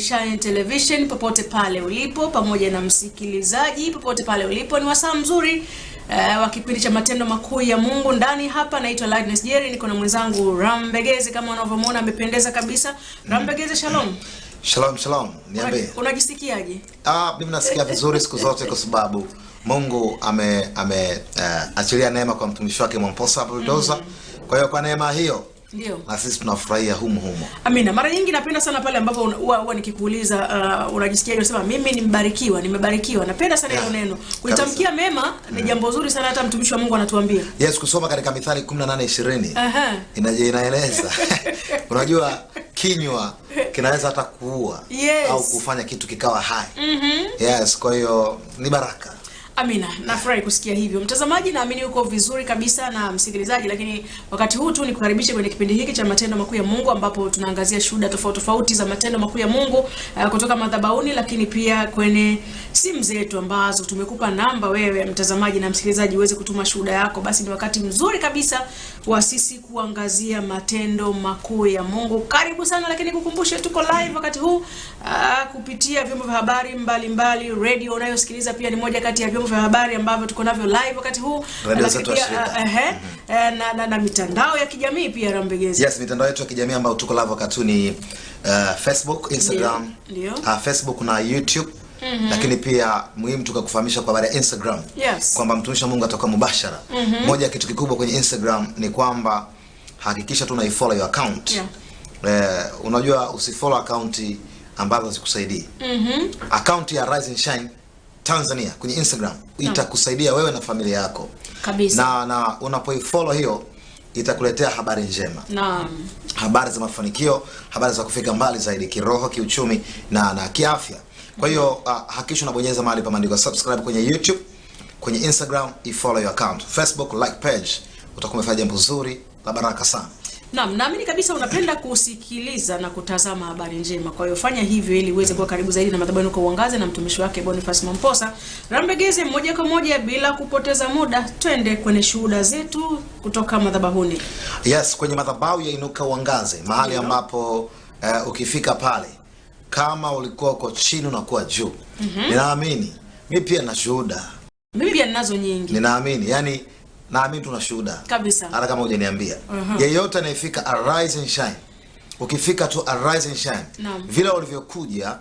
Shine Television popote pale ulipo, pamoja na msikilizaji popote pale ulipo, ni wasaa mzuri uh, wa kipindi cha matendo makuu ya Mungu ndani hapa. Naitwa Lightness Jerry, niko na mwenzangu Rambegeze, kama unavyomuona amependeza kabisa. Rambegeze, shalom. Shalom, shalom. Niambie. Unajisikiaje? Ah, mimi nasikia vizuri siku zote kwa sababu Mungu ame ame uh, achilia neema kwa mtumishi wake Mwamposa Bulldozer. Mm. Kwa hiyo kwa neema hiyo ndio. Na sisi tunafurahia humo humo. Amina. Mara nyingi napenda sana pale ambapo huwa nikikuuliza uh, unajisikia unasema mimi nimbarikiwa, nimebarikiwa. Napenda sana hilo yeah. neno. kuitamkia mema mm. ni jambo zuri sana hata mtumishi wa Mungu anatuambia. Yes, kusoma katika Mithali 18:20. Aha. Ina, inaeleza. Unajua kinywa kinaweza hata kuua yes. au kufanya kitu kikawa hai. Mm -hmm. Yes, kwa hiyo ni baraka. Amina, nafurahi kusikia hivyo. Mtazamaji, naamini uko vizuri kabisa na msikilizaji, lakini wakati huu tu nikukaribishe kwenye kipindi hiki cha matendo makuu ya Mungu ambapo tunaangazia shuhuda tofauti tofauti za matendo makuu ya Mungu uh, kutoka madhabahuni, lakini pia kwenye simu zetu ambazo tumekupa namba wewe mtazamaji na msikilizaji uweze kutuma shuhuda yako. Basi ni wakati mzuri kabisa wa sisi kuangazia matendo makuu ya Mungu. Karibu sana, lakini kukumbushe tuko live wakati huu uh, kupitia vyombo vya habari mbalimbali, radio unayosikiliza pia ni moja kati ya vyombo vya habari ambavyo tuko navyo live wakati huu lakini pia ehe na, na, na mitandao ya kijamii pia Rambegezi. Yes, mitandao yetu ya kijamii ambayo tuko live wakati ni uh, Facebook, Instagram, Lio. Uh, ah, Facebook na YouTube Mm -hmm. Lakini pia muhimu tukakufahamisha kwa habari ya Instagram yes. Kwamba mtumishi wa Mungu atakuwa mubashara mm -hmm. Moja ya kitu kikubwa kwenye Instagram ni kwamba hakikisha tu unaifollow your account yeah. Eh, unajua usifollow account ambazo zikusaidii mm -hmm. Account ya Rise and Shine Tanzania kwenye Instagram itakusaidia wewe na familia yako kabisa, na, na unapoifollow hiyo itakuletea habari njema naam, habari za mafanikio, habari za kufika mbali zaidi kiroho, kiuchumi na na kiafya. Kwa hiyo uh, hakikisha unabonyeza mahali pameandikwa subscribe kwenye YouTube, kwenye Instagram, ifollow your account, Facebook like page, utakuwa umefanya jambo zuri la baraka sana. Naam, naamini kabisa unapenda kusikiliza na kutazama habari njema. Kwa hiyo fanya hivyo ili uweze kuwa karibu zaidi na madhabahu kwa uangaze na mtumishi wake Boniface Mamposa. Rambegeze moja kwa moja bila kupoteza muda, twende kwenye shuhuda zetu kutoka madhabahuni. Yes, kwenye madhabahu ya Inuka Uangaze, mahali ambapo uh, ukifika pale kama ulikuwa uko chini unakuwa juu. Mm -hmm. Ninaamini mimi pia na shuhuda. Mimi pia ninazo nyingi. Ninaamini, yani naamini tuna shuhuda kabisa, hata kama hujaniambia. mm -hmm. Yeyote anayefika Arise and Shine, ukifika tu Arise and Shine no. vile ulivyokuja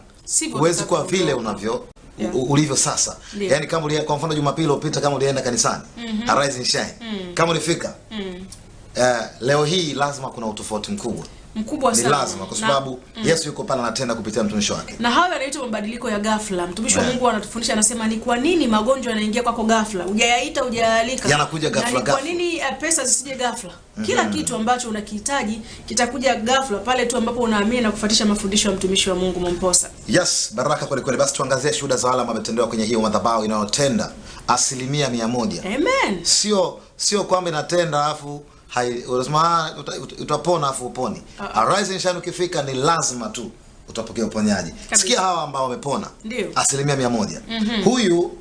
huwezi kuwa vile unavyo yeah. ulivyo sasa yeah. Yani kama ulia, kwa mfano Jumapili upita kama ulienda kanisani mm -hmm. Arise and Shine mm -hmm. kama ulifika mm -hmm. uh, leo hii lazima kuna utofauti mkubwa mkubwa sana, ni lazima kwa sababu mm. Yesu yuko pale anatenda kupitia mtumishi wake, na hayo yanaitwa mabadiliko ya ghafla. Mtumishi wa eh. Mungu anatufundisha anasema, ni kwa nini magonjwa yanaingia kwako ghafla, hujayaita hujayalika. yanakuja ghafla ghafla. Kwa nini eh, pesa zisije ghafla? mm -hmm. Kila kitu ambacho unakihitaji kitakuja ghafla pale tu ambapo unaamini na kufuatisha mafundisho ya mtumishi wa Mungu Momposa. Yes, baraka kweli kweli. Basi tuangazie shuhuda za wale ambao wametendewa kwenye hiyo madhabahu inayotenda asilimia mia moja. Amen. Sio sio kwamba inatenda alafu hai lazima utapona, afu uponi. uh uh-uh. upone. Arise and shine ukifika ni lazima tu utapokea uponyaji. Sikia hawa ambao wamepona asilimia mia moja. mm -hmm. Huyu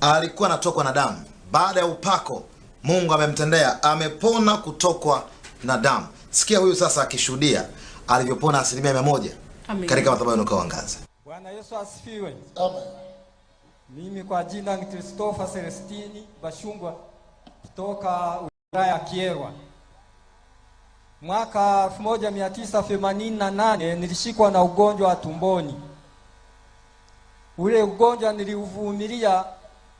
alikuwa anatokwa na damu, baada ya upako Mungu amemtendea, amepona kutokwa na damu. Sikia huyu sasa akishuhudia alivyopona asilimia mia moja katika madhabahu ukaoangaza. Bwana Yesu asifiwe. Amen. Mimi kwa jina ni Christopher Celestini Bashungwa kutoka wilaya ya Kyerwa. Mwaka 1988 nilishikwa na ugonjwa wa tumboni. Ule ugonjwa niliuvumilia,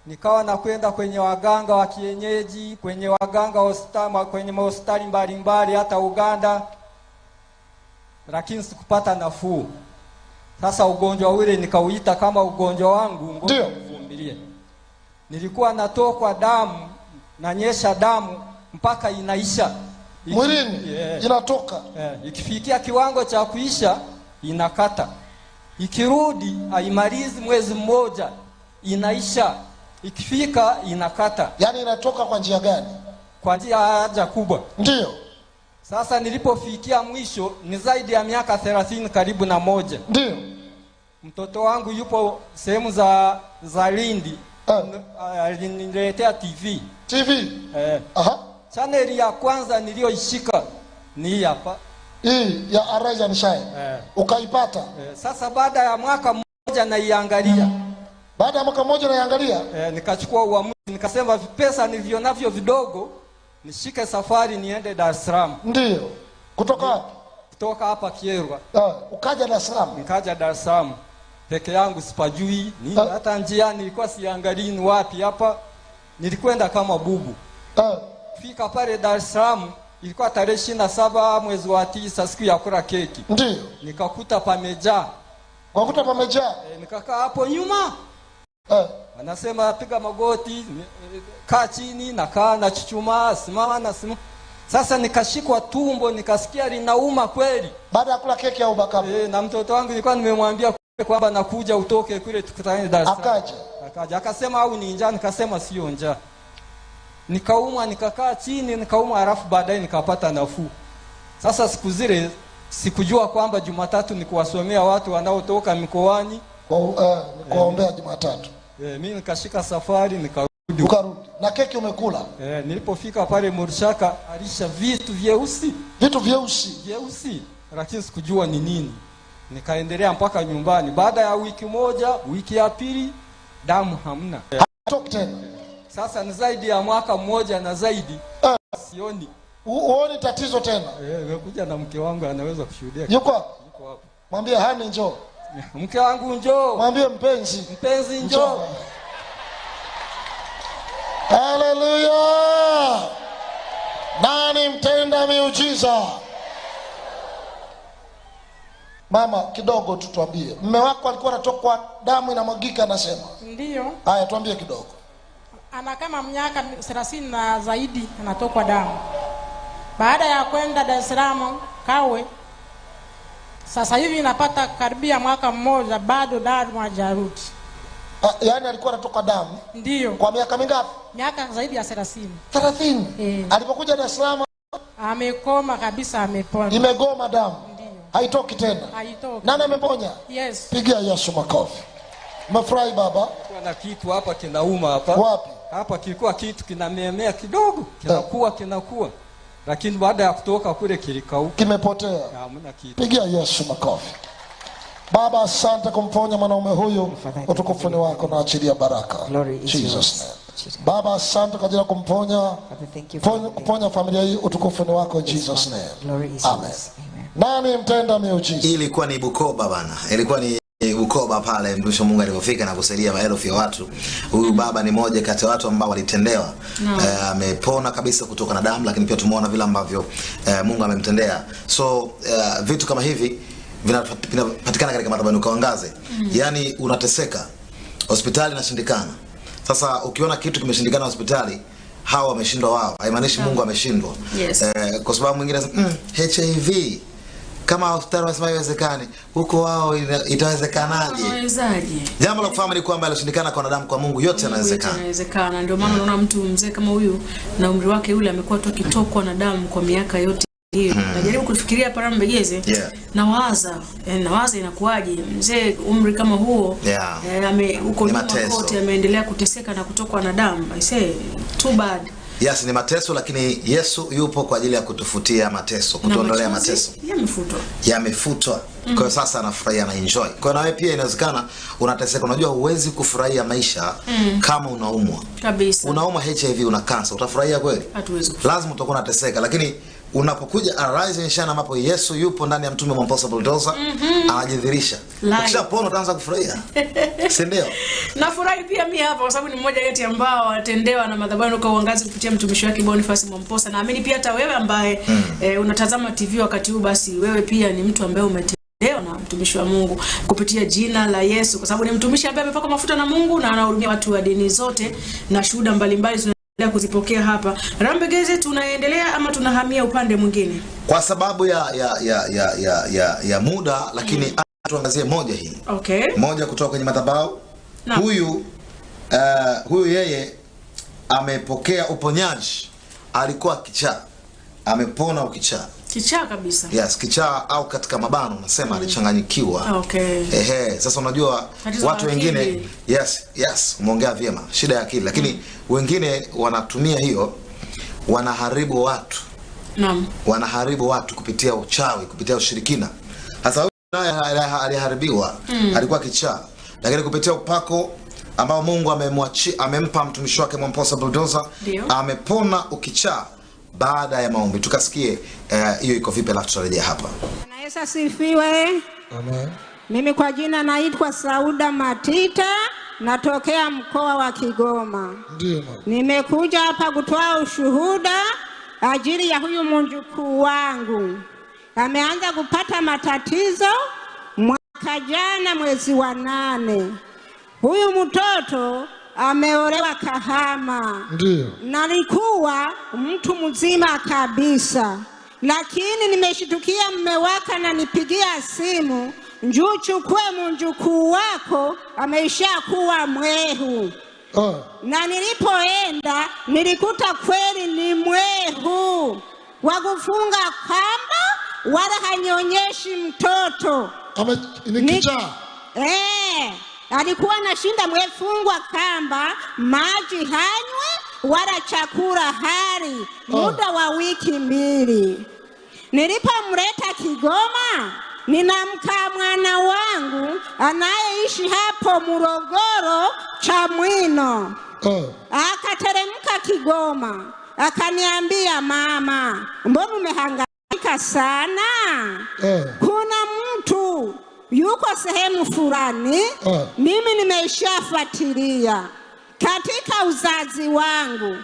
nikawa nakwenda kwenye waganga wa kienyeji, kwenye waganga hospitali, kwenye mahospitali mbalimbali hata Uganda, lakini sikupata nafuu. Sasa ugonjwa ule nikauita kama ugonjwa wangu, ngoja uvumilie. Nilikuwa natokwa damu, nanyesha damu mpaka inaisha mwilini yeah. inatoka yeah. ikifikia kiwango cha kuisha inakata ikirudi haimalizi mwezi mmoja inaisha ikifika inakata yaani inatoka kwa njia gani kwa njia haja kubwa ndiyo sasa nilipofikia mwisho ni zaidi ya miaka thelathini karibu na moja ndiyo mtoto wangu yupo sehemu za za lindi ah. aliniletea tv tv eh. Aha chaneli ya kwanza niliyoishika ni hii hapa hii ya Arise and Shine eh. Ukaipata eh. Sasa baada ya mwaka mmoja naiangalia, baada ya mwaka mmoja naiangalia eh, nikachukua uamuzi nikasema, vipesa nilivyo navyo vidogo, nishike safari niende Dar es Salaam. Ndio kutoka wapi? Kutoka hapa Kierwa. Eh, ah, ukaja Dar es Salaam? Nikaja Dar es Salaam peke yangu, sipajui ni ah. hata njiani nilikuwa siangalii ni wapi. Hapa nilikwenda kama bubu eh kufika pale Dar es Salaam ilikuwa tarehe ishirini na saba mwezi wa tisa siku ya kula keki, ndio nikakuta pamejaa, ukakuta pamejaa e, nikakaa hapo nyuma eh. Anasema piga magoti, eh, kaa chini, na kaa na chuchumaa, simama na simu. Sasa nikashikwa tumbo, nikasikia linauma kweli, baada ya kula keki au bakapo Eh, na mtoto wangu nilikuwa nimemwambia kwamba nakuja, utoke kule tukutane Dar es Salaam. Akaja akaja akasema au ni njaa? Nikasema sio njaa nikaumwa nikakaa chini nikaumwa halafu baadaye nikapata nafuu sasa siku zile sikujua kwamba jumatatu ni kuwasomea watu wanaotoka mikoani kwa, uh, kuwaombea eh, jumatatu eh, mi nikashika safari nikarudi na keki umekula eh, nilipofika pale murshaka alisha vitu vyeusi vitu vyeusi vyeusi lakini sikujua ni nini nikaendelea mpaka nyumbani baada ya wiki moja wiki ya pili damu hamna eh. Sasa ni zaidi ya mwaka mmoja na zaidi uh, sioni. Uone tatizo tena. Eh, nimekuja na mke wangu anaweza kushuhudia. Yuko Yuko hapa. Mwambie hani njoo. Mke wangu njoo. Mwambie mpenzi. Mpenzi njoo. Haleluya. Nani mtenda miujiza? Mama, kidogo tutuambie mme wako alikuwa anatokwa damu inamwagika anasema. ndio Haya tuambie kidogo ana kama miaka thelathini na zaidi, anatokwa damu. Baada ya kwenda Dar es Salaam Kawe, sasa hivi inapata karibia mwaka mmoja, bado damu hajarudi. Ah, yaani alikuwa anatoka damu ndio, kwa miaka mingapi? Miaka zaidi ya thelathini. Thelathini e. Alipokuja Dar es Salaam amekoma kabisa, amepona, imegoma damu haitoki tena, haitoki. Nani ameponya? Yes, pigia Yesu makofi. Mafurahi baba, kuna kitu hapa kinauma hapa. Wapi? hapa kilikuwa kitu kinamemea kidogo, kinakuwa kinakuwa, lakini baada ya kutoka kule kilikauka, kimepotea, Pigia Yesu makofi. Baba, asante kumponya mwanaume huyu, utukufuni wako na baraka Jesus name. Baba, asante kwa ajili ya kumponya kuponya familia hii, utukufuni wako Jesus name. Amen. Nani mtenda miujiza? Ilikuwa ni Bukoba bana, ilikuwa ni E, Bukoba pale mtumishi wa Mungu alipofika na kusaidia maelfu ya watu. Huyu baba ni moja kati ya watu ambao walitendewa. E, amepona no. uh, kabisa kutoka na damu, lakini pia tumeona vile ambavyo uh, Mungu amemtendea. So uh, vitu kama hivi vinapatikana katika madhabahu ukaangaze Mm. Yaani unateseka. Hospitali inashindikana. Sasa ukiona kitu kimeshindikana hospitali, hawa wameshindwa wao. Haimaanishi no. Mungu ameshindwa. Yes. Uh, kwa sababu mwingine mm, HIV kama hospitali wanasema haiwezekani, huko wao itawezekanaje? Jambo la kufahamu ni kwamba alishindikana kwa wanadamu, kwa Mungu yote yanawezekana. Yanawezekana, ndio maana unaona mtu mzee kama huyu na umri wake yule amekuwa tu akitokwa na damu kwa miaka yote hiyo. Mm. Najaribu kufikiria Param Mbegeze, yeah. Nawaza eh, nawaza inakuwaje mzee umri kama huo yeah. Eh, ame huko kote ameendelea kuteseka na kutokwa na damu. I say too bad. Yes, ni mateso lakini Yesu yupo kwa ajili ya kutufutia mateso, kutuondolea mateso. Yamefutwa. Yamefutwa. Mm. Kwa sasa anafurahia na enjoy. Kwa na wewe pia inawezekana unateseka. Unajua huwezi kufurahia maisha mm. kama unaumwa. Kabisa. Unaumwa HIV, una kansa, utafurahia kweli? Hatuwezi. Lazima utakuwa unateseka lakini unapokuja arise and shine ambapo Yesu yupo ndani ya mtume Impossible Dosa mm -hmm. anajidhihirisha. Ukishapona utaanza kufurahia. si ndio? Nafurahi pia mimi hapa kwa sababu ni mmoja kati ambao watendewa na madhabahu kwa uangazi kupitia mtumishi wake Boniface Mwamposa. Naamini pia hata wewe ambaye mm. eh, unatazama TV wakati huu basi wewe pia ni mtu ambaye umete leo na mtumishi wa Mungu kupitia jina la Yesu, kwa sababu ni mtumishi ambaye amepakwa mafuta na Mungu na anahudumia watu wa dini zote na shuhuda mbalimbali ya kuzipokea hapa Rambegeze, tunaendelea ama tunahamia upande mwingine kwa sababu ya ya ya ya ya, ya, ya muda lakini mm. tuangazie moja hii okay. moja kutoka kwenye madhabahu huyu uh, huyu yeye amepokea uponyaji, alikuwa kichaa, amepona ukichaa kichaa kabisa. Yes, kichaa au katika mabano unasema mm. alichanganyikiwa. Ah, okay. Ehe, sasa unajua Tatizo watu wengine yes, yes, umeongea vyema, shida ya akili, lakini mm. wengine wanatumia hiyo wanaharibu watu. Naam. Wanaharibu watu kupitia uchawi, kupitia ushirikina. Sasa huyu naye aliharibiwa, mm. alikuwa kichaa. Lakini kupitia upako ambao Mungu amemwachia amempa mtumishi wake Mwamposa Bulldozer amepona ukichaa baada ya maombi. Tukasikie eh, hiyo uh, iko vipi, alafu tutarejea hapa. Bwana Yesu asifiwe. Amen. Mimi kwa jina naitwa Sauda Matita, natokea mkoa wa Kigoma. Nimekuja hapa kutoa ushuhuda ajili ya huyu mjukuu wangu, ameanza kupata matatizo mwaka jana mwezi wa nane. Huyu mtoto ameolewa Kahama. Ndio. Nalikuwa mtu mzima kabisa, lakini nimeshitukia mme wake ananipigia simu, njuchukwe mjukuu wako ameshakuwa mwehu. Oh. Na nilipoenda nilikuta kweli ni mwehu wa kufunga kamba, wala hanyonyeshi mtoto. Ame, ni kichaa. eh, alikuwa anashinda mwefungwa kamba maji hanywe wala chakula hali oh. muda wa wiki mbili. Nilipomleta Kigoma, ninamkaa mwana wangu anayeishi hapo Morogoro Chamwino. oh. Akateremka Kigoma akaniambia, mama, mbona umehangaika sana? oh. kuna mtu yuko sehemu fulani uh. Mimi nimeishafuatilia katika uzazi wangu,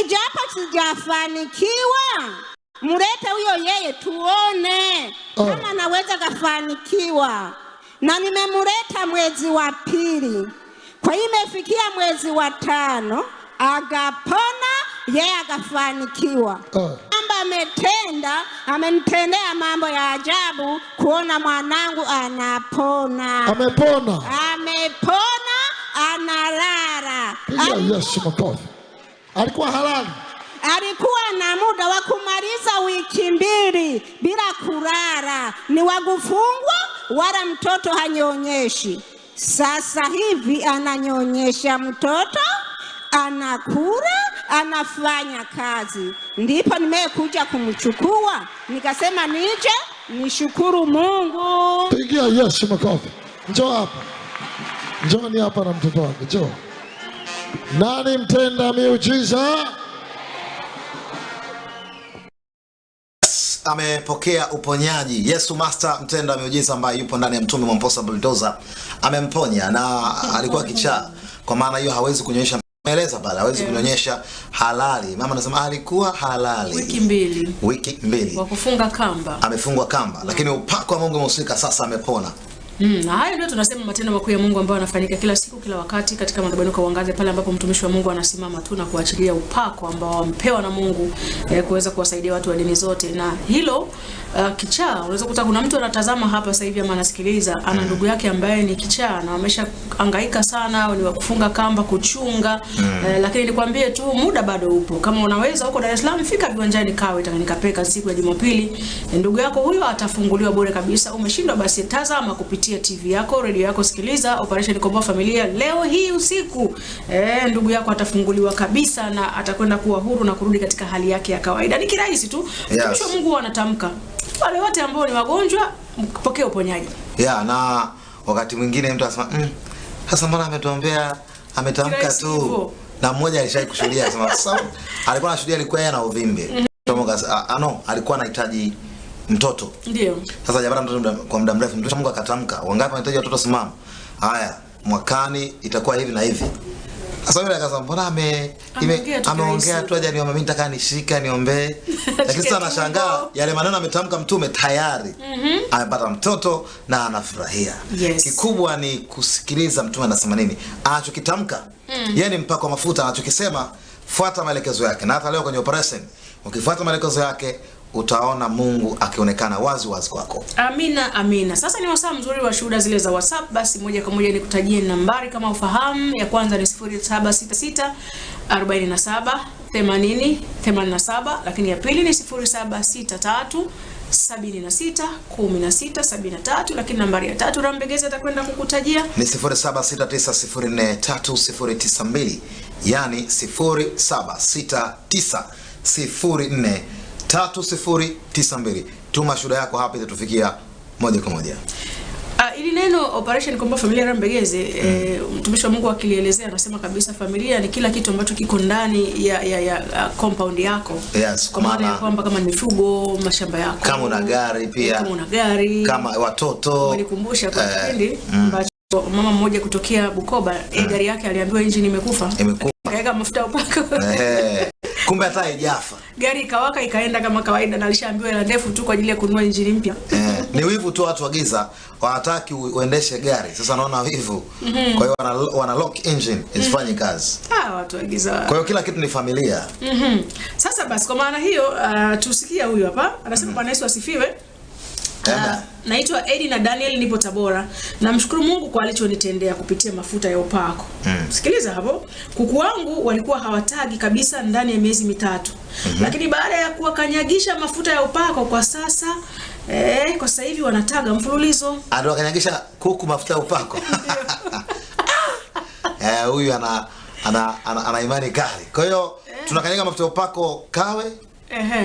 ijapo sijafanikiwa, mlete huyo yeye tuone uh. kama anaweza kafanikiwa, na nimemleta mwezi wa pili, kwa hiyo imefikia mwezi wa tano, agapona yeye agafanikiwa uh. Oh kwamba ametenda, amenitendea mambo ya ajabu, kuona mwanangu anapona, amepona, amepona, analala. Yesu makofi. Alikuwa halali alikuwa na muda wa kumaliza wiki mbili bila kulala, ni wa kufungwa, wala mtoto hanyonyeshi. Sasa hivi ananyonyesha mtoto, anakula anafanya kazi. Ndipo nimekuja kumchukua nikasema nije nishukuru Mungu. Pigia Yesu makofi. Njoo hapa, ni hapa na mtoto wake, njoo. Nani mtenda miujiza? amepokea uponyaji. Yesu Master mtenda miujiza ambaye yupo ndani ya mtume Mwamposa Bulldozer amemponya na alikuwa kichaa, kwa maana hiyo hawezi kunyonyesha Maeleza pale hawezi yeah. kunionyesha halali. Mama anasema alikuwa halali wiki mbili, wiki mbili wa kufunga kamba, amefungwa kamba yeah. Lakini mm. upako wa Mungu umehusika, sasa amepona. Mm, na hayo ndio tunasema matendo makuu ya Mungu ambayo yanafanyika kila siku kila wakati katika madhabahu kwa uangaze pale ambapo mtumishi wa Mungu anasimama tu na kuachilia upako ambao ampewa na Mungu eh, kuweza kuwasaidia watu wa dini zote. Na hilo uh, kichaa unaweza kukuta kuna mtu anatazama hapa sasa hivi ama anasikiliza ana mm. ndugu yake ambaye ni kichaa na wamesha hangaika sana au ni wakufunga kamba kuchunga mm. eh, lakini nikwambie tu muda bado upo. Kama unaweza huko Dar es Salaam fika viwanjani kawe Tanganyika Packers siku ya Jumapili. Eh, ndugu yako huyo atafunguliwa bure kabisa. Umeshindwa basi tazama kupitia kupitia TV yako, redio yako, sikiliza Operation Komboa Familia leo hii usiku. E, ndugu yako atafunguliwa kabisa na atakwenda kuwa huru na kurudi katika hali yake ya kawaida. Ni kirahisi tu. Yes. Mungu anatamka. Wale wote ambao ni wagonjwa mpokee uponyaji. Yeah, na wakati mwingine mtu anasema mm, sasa mbona ametuombea ametamka tu Na mmoja alishai kushuhudia anasema alikuwa anashuhudia alikuwa yeye ana uvimbe. Mm -hmm. Ano, alikuwa anahitaji mtoto. Ndio. Sasa hajapata mtoto kwa muda mrefu. Mtoto Mungu akatamka, wangapi wanahitaji watoto simama? Haya, mwakani itakuwa hivi na hivi. Sasa yule akasema mbona ame ameongea tu aje niombe mimi nitaka nishika niombe. Lakini sasa anashangaa yale maneno ametamka mtume tayari. Mm -hmm. Amepata mtoto na anafurahia. Yes. Kikubwa ni kusikiliza mtume anasema nini. Anachokitamka. Mm. Yeye ni mpako mafuta anachokisema fuata maelekezo yake. Na hata leo kwenye operation ukifuata maelekezo yake utaona Mungu akionekana wazi wazi kwako. Amina, amina. Sasa ni wasaa mzuri wa shuhuda zile za WhatsApp. Basi moja kwa moja nikutajie nambari kama ufahamu. Ya kwanza ni 0766 47 80 87, lakini ya pili ni 0763 sabini na na sita sita kumi sabini na tatu lakini nambari ya tatu Rambegeza atakwenda kukutajia ni sifuri sifuri sifuri saba sita tisa tisa tatu mbili yani sifuri sifuri saba sita tisa 076904 3092. Tuma shuhuda yako hapa itatufikia moja kwa moja. Uh, ili neno operation kwamba familia Rambegeze eh, mm. E, mtumishi wa Mungu akilielezea anasema kabisa familia ni kila kitu ambacho kiko ndani ya, ya, ya uh, compound yako yes, kwa maana ya kwamba kama mifugo, mashamba yako, kama una gari pia, kama una gari, kama watoto. Nikumbusha kwa eh, kipindi hmm. ambacho mm. mama mmoja kutokea Bukoba mm. E, gari yake aliambiwa injini imekufa, imekufa kaweka mafuta upako eh. kumbe hata haijafa. Gari ikawaka ikaenda kama kawaida, na alishaambiwa hela ndefu tu kwa ajili ya kununua injini mpya. Eh, ni wivu tu watu wa giza wanataki uendeshe gari. Sasa naona wivu. Mm -hmm. Kwa hiyo wana, wana lock engine mhm. isifanye mm -hmm. kazi. Ah, watu wa giza. Kwa hiyo kila kitu ni familia. Mm -hmm. Sasa basi kwa maana hiyo uh, ah, tusikia huyu hapa anasema mm -hmm. Bwana Yesu asifiwe naitwa Edi na Daniel nipo Tabora. Namshukuru Mungu kwa alichonitendea kupitia mafuta ya upako. Mm. Sikiliza hapo. Kuku wangu walikuwa hawatagi kabisa ndani ya miezi mitatu. Mm -hmm. Lakini baada ya kuwakanyagisha mafuta ya upako kwa sasa eh, kwa sasa hivi wanataga mfululizo. Anawakanyagisha kuku mafuta ya upako. eh, huyu ana ana, ana, ana imani kali. Kwa hiyo eh, tunakanyaga mafuta ya upako Kawe.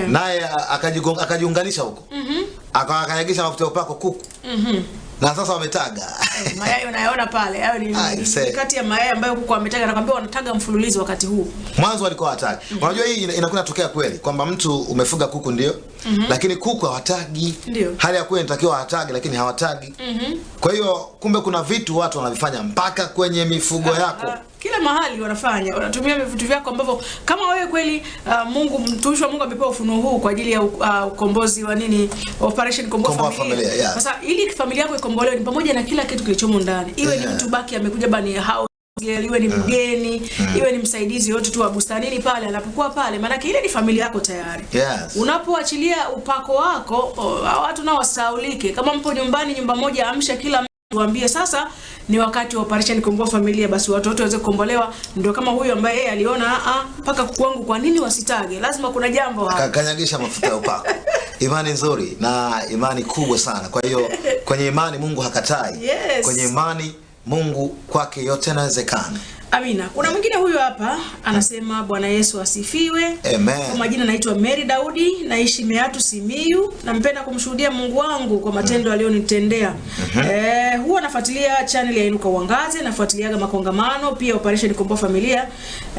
naye akajiunganisha huko. Mm -hmm akawakaragisha mafuta ya upako kuku mhm. na sasa wametaga eh, mayai unayaona pale hayo ni ah, kati ya mayai ambayo kuku wametaga nakwambia wanataga mfululizo wakati huu mwanzo walikuwa hatagi mm -hmm. unajua hii inakuwa inatokea kweli kwamba mtu umefuga kuku ndio mm -hmm. lakini kuku hawatagi ndio hali ya kweli inatakiwa hawatagi lakini hawatagi mm -hmm. kwa hiyo kumbe kuna vitu watu wanavifanya mpaka kwenye mifugo ah, yako ah kila mahali wanafanya, wanatumia vitu vyako ambavyo kama wewe kweli uh, Mungu mtumishi wa Mungu amepewa ufunuo huu kwa ajili ya uh, ukombozi wa nini, operation kombo familia, familia yeah. Sasa ili familia yako ikombolewe ni pamoja na kila kitu kilichomo ndani, iwe yeah. ni mtu baki amekuja bani hao iwe ni mgeni mm. iwe ni msaidizi yote tu wa bustanini pale anapokuwa pale, maanake ile ni familia yako tayari. Yes. Unapoachilia upako wako oh, watu nao wasaulike. Kama mpo nyumbani, nyumba moja, amsha kila mtu, waambie sasa ni wakati wa operation kukomboa familia, basi watoto waweze kukombolewa. Ndio kama huyu ambaye yeye aliona a ah, ah, mpaka kuku wangu, kwa nini wasitage? Lazima kuna jambo hapa. Kanyagisha mafuta ya upako. Imani nzuri na imani kubwa sana. Kwa hiyo kwenye imani Mungu hakatai. Yes. Kwenye imani Mungu kwake yote yanawezekana. Amina. Kuna mwingine huyu hapa anasema Bwana Yesu asifiwe. Amen. Kwa majina naitwa Mary Daudi, naishi Meatu Simiyu. Nampenda kumshuhudia Mungu wangu kwa matendo aliyonitendea. Mm -hmm. Eh, huwa nafuatilia channel ya Inuka Uangaze, nafuatiliaga makongamano, pia Operation Komboa Familia.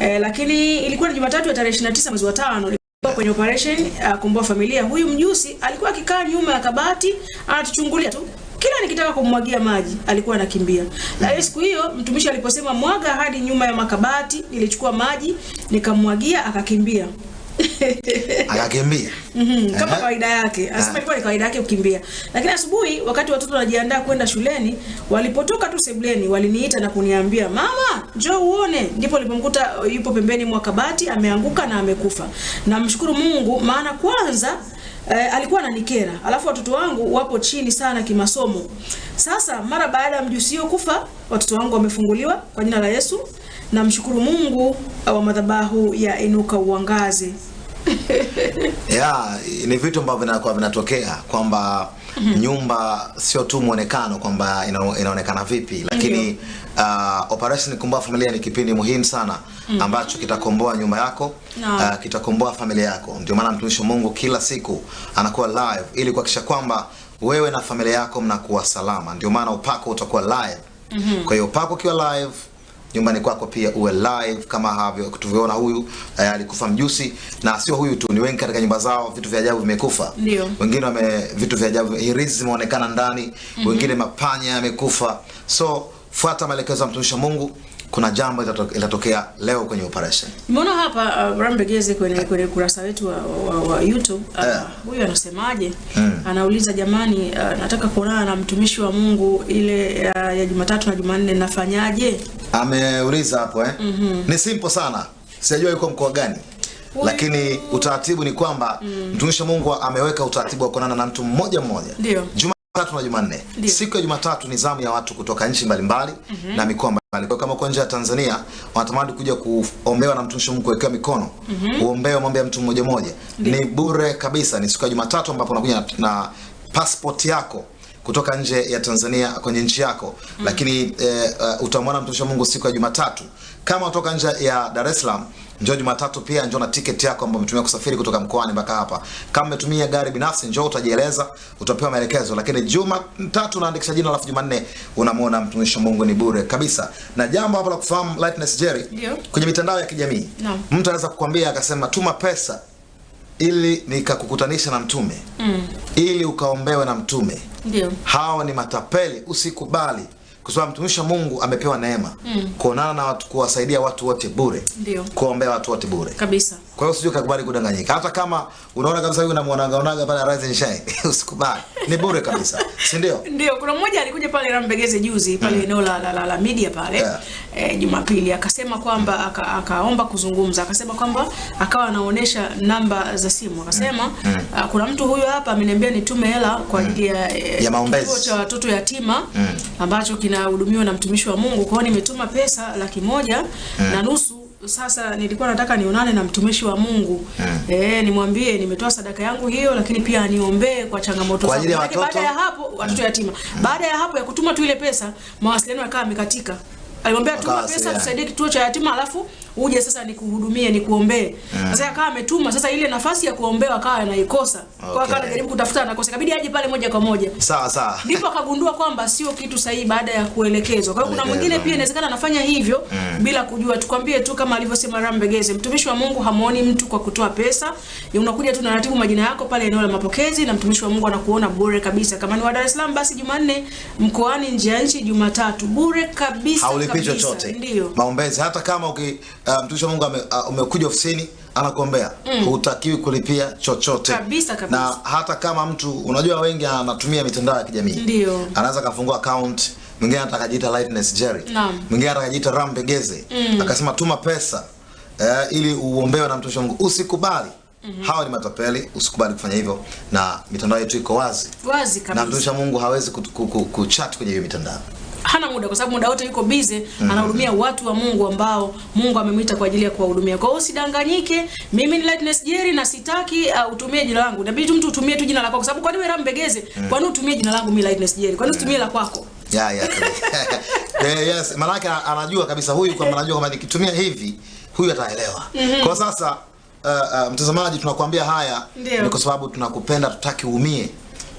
Eh, lakini ilikuwa ni Jumatatu ya tarehe 29 mwezi wa 5 kwenye operation uh, Komboa Familia. Huyu mjusi alikuwa akikaa nyuma ya kabati anatuchungulia tu kila nikitaka kumwagia maji alikuwa anakimbia. Na hiyo hmm. siku hiyo mtumishi aliposema mwaga hadi nyuma ya makabati, nilichukua maji nikamwagia, akakimbia akakimbia mm -hmm. kama kawaida yake, ah. asema ilikuwa ni kawaida yake kukimbia. Lakini asubuhi, wakati watoto wanajiandaa kwenda shuleni, walipotoka tu sebuleni, waliniita na kuniambia mama, njoo uone. Ndipo nilipomkuta yupo pembeni mwa kabati ameanguka na amekufa. Namshukuru Mungu, maana kwanza eh, alikuwa ananikera, alafu watoto wangu wapo chini sana kimasomo. Sasa mara baada ya mjusi kufa, watoto wangu wamefunguliwa kwa jina la Yesu. Namshukuru Mungu wa madhabahu ya Inuka Uangaze. yeah, ni vitu ambavyo vinakuwa vinatokea kwamba mhm. nyumba sio tu mwonekano kwamba inaonekana vipi, lakini uh, operation Kumbua Familia ni kipindi muhimu sana mhm. ambacho kitakomboa nyumba yako no. uh, kitakomboa familia yako. Ndio maana mtumishi wa Mungu kila siku anakuwa live ili kuhakikisha kwamba wewe na familia yako mnakuwa salama. Ndio maana upako utakuwa live. Mm -hmm. Kwa hiyo upako ukiwa live nyumbani kwako pia uwe live kama havyo tuvyoona huyu eh, alikufa mjusi na sio huyu tu ni wengi katika nyumba zao vitu vya ajabu vimekufa wengine wame vitu vya ajabu hirizi zimeonekana ndani mm -hmm. wengine mapanya yamekufa so fuata maelekezo ya mtumishi wa Mungu kuna jambo litatokea leo kwenye operation. Mbona hapa uh, Rambegeze kwenye yeah. kwenye kurasa wetu wa, wa, wa YouTube uh, yeah. Huyu anasemaje? Mm. Anauliza jamani, uh, nataka kuonana na mtumishi wa Mungu ile uh, ya Jumatatu na Jumanne nafanyaje? Ameuliza hapo eh? Mm -hmm. Ni simple sana. Sijajua yuko mkoa gani. Uyu. Lakini utaratibu ni kwamba mm. mtumishi wa Mungu ameweka utaratibu wa kuonana na mtu mmoja mmoja. Ndio. Jumatatu na Jumanne. Siku ya Jumatatu ni zamu ya watu kutoka nchi mbalimbali mm -hmm. na mikoa mbalimbali. Kwa kama uko nje ya Tanzania wanatamani kuja kuombewa na mtumishi Mungu kuwekewa mikono, mm -hmm. uombewe mambo ya mtu mmoja mmoja. Ni bure kabisa, ni siku ya Jumatatu ambapo unakuja na, na passport yako kutoka nje ya Tanzania kwenye nchi yako mm -hmm. lakini e, uh, utamwona mtumishi Mungu siku ya Jumatatu. Kama kutoka nje ya Dar es Salaam Njoo Jumatatu pia njoo na tiketi yako ambayo umetumia kusafiri kutoka mkoani mpaka hapa. Kama umetumia gari binafsi njoo utajieleza, utapewa maelekezo. Lakini Jumatatu unaandikisha jina alafu Jumanne unamwona mtumishi wa Mungu ni bure kabisa. Na jambo hapo la kufahamu Lightness Jerry. Kwenye mitandao ya kijamii. No. Mtu anaweza kukwambia akasema tuma pesa ili nikakukutanisha na mtume. Mm. Ili ukaombewe na mtume. Ndio. Hao ni matapeli, usikubali kwa sababu mtumishi wa Mungu amepewa neema mm. kuonana na watu, kuwasaidia watu wote bure, kuwaombea watu wote bure kabisa. Kwa hiyo sijui kakubali kudanganyika. Hata kama unaona kabisa huyu namuonaga onaga pale Rise and Shine, usikubali. Ni bure kabisa. Si ndio? Ndio, kuna mmoja alikuja pale Rambegeze juzi pale mm. eneo la, la, la, la media pale yeah. Eh, Jumapili akasema kwamba aka, akaomba kuzungumza, akasema kwamba akawa anaonesha namba za simu. Akasema mm. mm. Ah, kuna mtu huyu hapa ameniambia nitume hela kwa mm. ajili mm. ya, eh, ya maombezi cha watoto yatima mm. ambacho kinahudumiwa na mtumishi wa Mungu. Kwa hiyo nimetuma pesa laki moja mm. na nusu sasa nilikuwa nataka nionane na mtumishi wa Mungu yeah. E, eh, nimwambie nimetoa sadaka yangu hiyo, lakini pia aniombee kwa changamoto zangu. Baada ya hapo watoto yatima yeah. Baada ya hapo ya kutuma tu ile pesa, mawasiliano yakawa amekatika. Alimwambia tuma pesa tusaidie kituo cha yatima alafu uje sasa nikuhudumie nikuombee. Yeah. Sasa akawa ametuma sasa ile nafasi ya kuombewa akawa anaikosa. Okay. Kwa akawa anajaribu kutafuta anakosa. Ikabidi aje pale moja kwa moja. Sawa sawa. Ndipo akagundua kwamba sio kitu sahihi baada ya kuelekezwa. Kwa hiyo kuna mwingine pia inawezekana anafanya hivyo mm. bila kujua. Tukwambie tu kama alivyosema Rambegeze, mtumishi wa Mungu hamuoni mtu kwa kutoa pesa. Ni unakuja tu na ratibu majina yako pale eneo la mapokezi na mtumishi wa Mungu anakuona bure kabisa. Kama ni wa Dar es Salaam basi Jumanne, mkoani nje ya nchi Jumatatu bure kabisa kabisa. Haulipi chochote. Ndio. Maombezi hata kama uki uh, mtumishi wa Mungu ame, uh, umekuja ofisini anakuombea mm. hutakiwi kulipia chochote kabisa, kabisa. Na hata kama mtu unajua, wengi anatumia mitandao ya kijamii ndio, anaweza kafungua account mwingine atakajiita Lightness Jerry, mwingine atakajiita Rambegeze mm. akasema tuma pesa uh, ili uombewe na mtumishi wa Mungu. Usikubali. Mm -hmm. Hawa ni matapeli, usikubali kufanya hivyo, na mitandao yetu iko wazi wazi kabisa, na mtumishi wa Mungu hawezi kuchat kwenye hiyo mitandao hana muda kwa sababu muda wote yuko busy mm. anahudumia watu wa Mungu ambao Mungu amemwita kwa ajili ya kuwahudumia. Kwa hiyo usidanganyike, mimi ni Lightness Jerry na sitaki uh, utumie jina langu. Inabidi tu mtu utumie tu jina lako kwa sababu kwa nini rambegeze? Eh. Mm. Kwa nini utumie jina langu mimi Lightness Jerry? Kwa nini usitumie la eh. kwako? Yeah, eh, yeah. yes, maana anajua kabisa huyu kwa maana anajua kama nikitumia hivi huyu ataelewa. Mm -hmm. Kwa sasa uh, uh, mtazamaji tunakuambia haya ni kwa sababu tunakupenda, tutaki uumie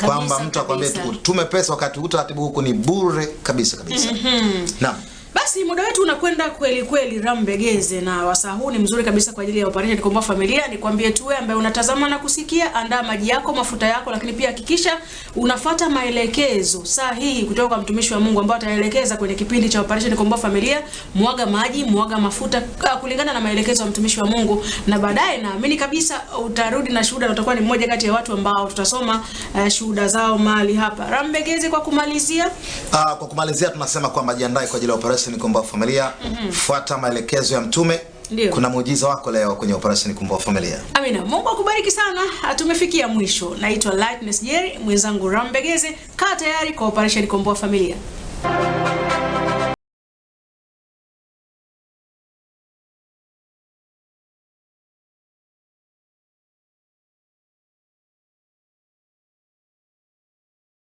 kwamba mtu akwambie pesa wakati utaratibu huku ni bure kabisa kabisa. mm -hmm. Naam. Basi muda wetu unakwenda kweli kweli, Rambegeze, na wasaa huu ni mzuri kabisa kwa ajili ya operation Komboa Familia. Ni Nikwambie tu wewe ambaye unatazama na kusikia, andaa maji yako, mafuta yako, lakini pia hakikisha unafata maelekezo sahihi kutoka kwa mtumishi wa Mungu ambaye ataelekeza kwenye kipindi cha operation Komboa Familia. Mwaga maji, mwaga mafuta kulingana na maelekezo ya mtumishi wa Mungu, na baadaye naamini kabisa utarudi na shuhuda na utakuwa ni mmoja kati ya watu ambao tutasoma uh, shuhuda zao mali hapa. Rambegeze, kwa kumalizia, uh, kwa kumalizia tunasema kwamba jiandae kwa ajili ya operation Operation Kumbwa Familia mm -hmm. Fuata maelekezo ya Mtume. Ndiyo. Kuna muujiza wako leo kwenye Operation Kumbwa Familia. Amina. Mungu akubariki sana. Tumefikia mwisho. Naitwa Lightness Jerry, mwenzangu Rambegeze. Kaa tayari kwa Operation Kumbwa Familia.